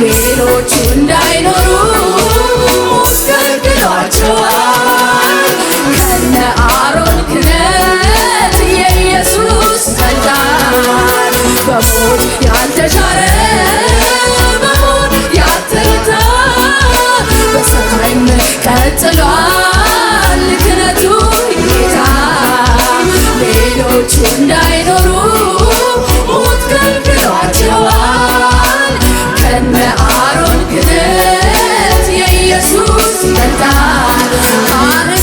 ሌሎቹ እንዳይኖሩ ኢየሱስ ይበልጣል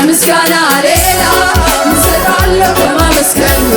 ከምስጋና ሌላ ምስጣለሁ ለማመስገን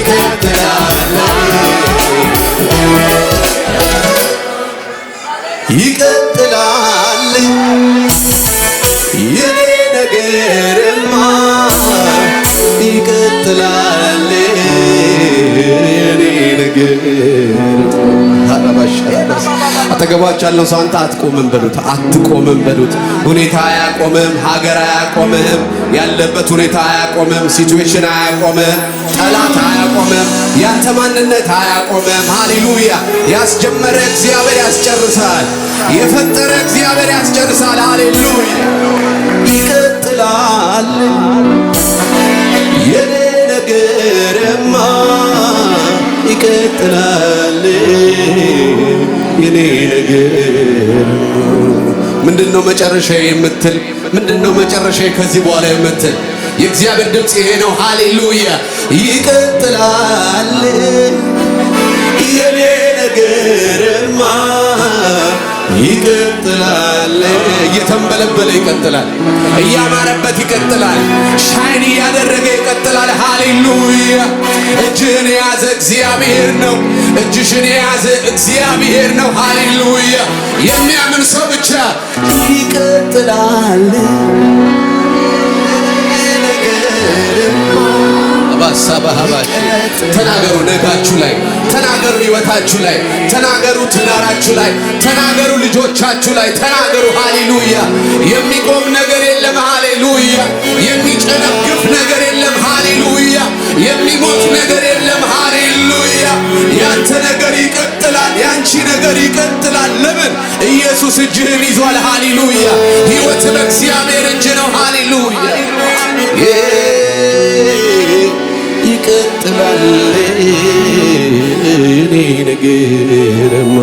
y አጠገባችሁ ያለው ሰው አንተ አትቆምም በሉት፣ አትቆምም በሉት። ሁኔታ አያቆምም፣ ሀገር አያቆምህም፣ ያለበት ሁኔታ አያቆምም፣ ሲቹዌሽን አያቆምህ፣ ጠላት አያቆምም፣ ያንተ ማንነት አያቆምም። ሃሌሉያ! ያስጀመረ እግዚአብሔር ያስጨርሳል። የፈጠረ እግዚአብሔር ያስጨርሳል። ሃሌሉያ! ይቀጥላል የኔ ነገርማ ይቀጥላል የኔ ነገር ምንድነው መጨረሻ የምትል ምንድነው መጨረሻ ከዚህ በኋላ የምትል የእግዚአብሔር ድምፅ ይሄ ነው። ሃሌሉያ ይቀጥላል። የኔ ነገርማ ይቀጥላል። እየተንበለበለ ይቀጥላል። እያማረበት ይቀጥላል። ሻይን እያደረገ ይቀጥላል። እግዚአብሔር ነው። እጅሽን የያዘ እግዚአብሔር ነው። ሃሌሉያ! የሚያምን ሰው ብቻ ይቀጥላል። ተናገሩ ነጋችሁ ላይ ተናገሩ ህይወታችሁ ላይ ተናገሩ ትዳራችሁ ላይ ተናገሩ ልጆቻችሁ ላይ ተናገሩ። ሃሌሉያ! የሚቆም ነገር የለም። ሃሌሉያ! የሚጨነግፍ ነገር የለም። ሃሌሉያ! የሚሞት ነገር የለም። ያንተ ነገር ይቀጥላል። ያንቺ ነገር ይቀጥላል። ለምን? ኢየሱስ እጅህን ይዟል። ሃሌሉያ! ሕይወት በእግዚአብሔር እጅ ነው። ሃሌሉያ! ይቀጥላል የኔ ነገርማ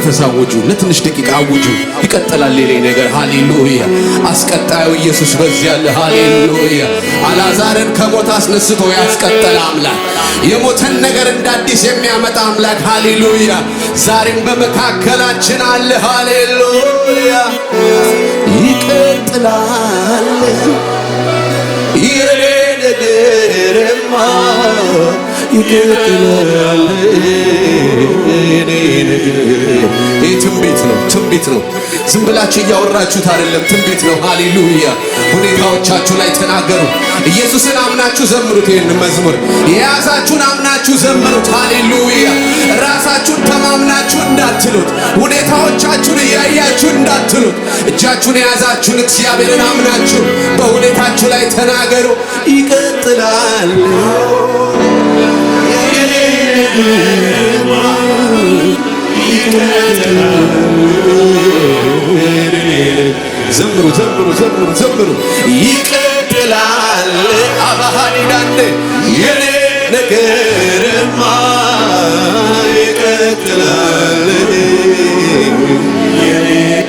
በመንፈስ አውጁ። ለትንሽ ደቂቃ አውጁ። ይቀጥላል ሌላ ነገር። ሃሌሉያ! አስቀጣዩ ኢየሱስ በዚያ አለ። ሃሌሉያ! አላዛርን ከሞት አስነስቶ ያስቀጠለ አምላክ፣ የሞተን ነገር እንደ አዲስ የሚያመጣ አምላክ። ሃሌሉያ! ዛሬም በመካከላችን አለ። ሃሌሉያ! ይቀጥላል ይሄ ነገርማ ይህ ትንቢት ነው፣ ትንቢት ነው። ዝም ብላችሁ እያወራችሁት አይደለም፣ ትንቢት ነው። ሃሌሉያ! ሁኔታዎቻችሁ ላይ ተናገሩ። ኢየሱስን አምናችሁ ዘምሩት። ይህን መዝሙር የያዛችሁን አምናችሁ ዘምሩት። ሃሌሉያ! ራሳችሁን ተማምናችሁ እንዳትሉት፣ ሁኔታዎቻችሁን እያያችሁ እንዳትሉት፣ እጃችሁን የያዛችሁን እግዚአብሔርን አምናችሁ በሁኔታችሁ ላይ ተናገሩ። ይቀጥላል ዘምሩ ዘምሩ ዘምሩ ዘምሩ ይቀጥላል አባሃኒዳንዴ የኔ ነገርማ ይቀጥላል የኔ